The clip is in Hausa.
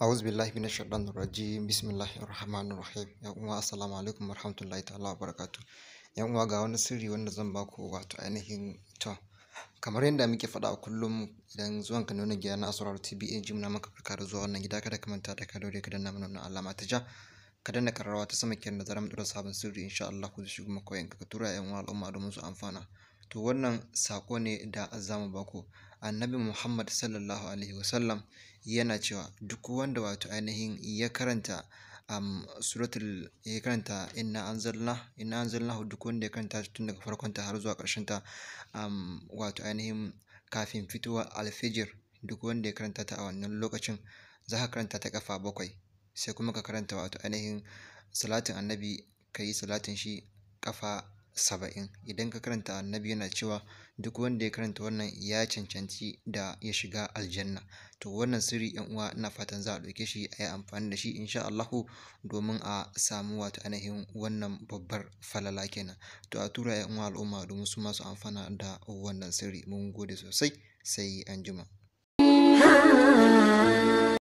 A'udhu billahi minash shaitanir rajim. Bismillahir rahmanir rahim. Ya uwa assalamu alaikum warahmatullahi ta'ala wabarakatuh. Ya uwa ga wani sirri wanda zan ba ku wato ainihin to kamar yadda muke faɗa a kullum idan zuwan ka nuna gida na Asrar TV AG eh, muna maka farka da zuwa wannan gida kada ka manta da ka dore ka danna mana alama ta ja ka danna karrawa ta sama kenan da sabon sirri insha Allah ku shigo maka wayan ka tura yan uwa al'umma domin su amfana. To wannan sako ne da za mu ba Annabi Muhammad Sallallahu Alaihi Wasallam yana cewa duk wanda wato ainihin ya karanta um, suratul ya karanta inna anzalna inna anzalna duk wanda ya karanta tun daga farkon ta har zuwa ta um, wato ainihin kafin fitowa alfijir duk wanda ya karanta ta a wannan lokacin za ka karanta ta ƙafa bakwai sai kuma ka karanta wato ainihin salatin annabi ka yi salatin shi kafa saba'in idan ka karanta annabi yana cewa duk wanda ya karanta wannan ya cancanci da ya shiga aljanna to wannan sirri yan uwa ina fatan za a ɗauke shi a yi amfani da shi insha Allahu domin a samu wato ainihin wannan babbar falala kenan to a tura yan uwa al'umma domin su masu amfana da wannan sirri mun gode sosai sai anjima. jima.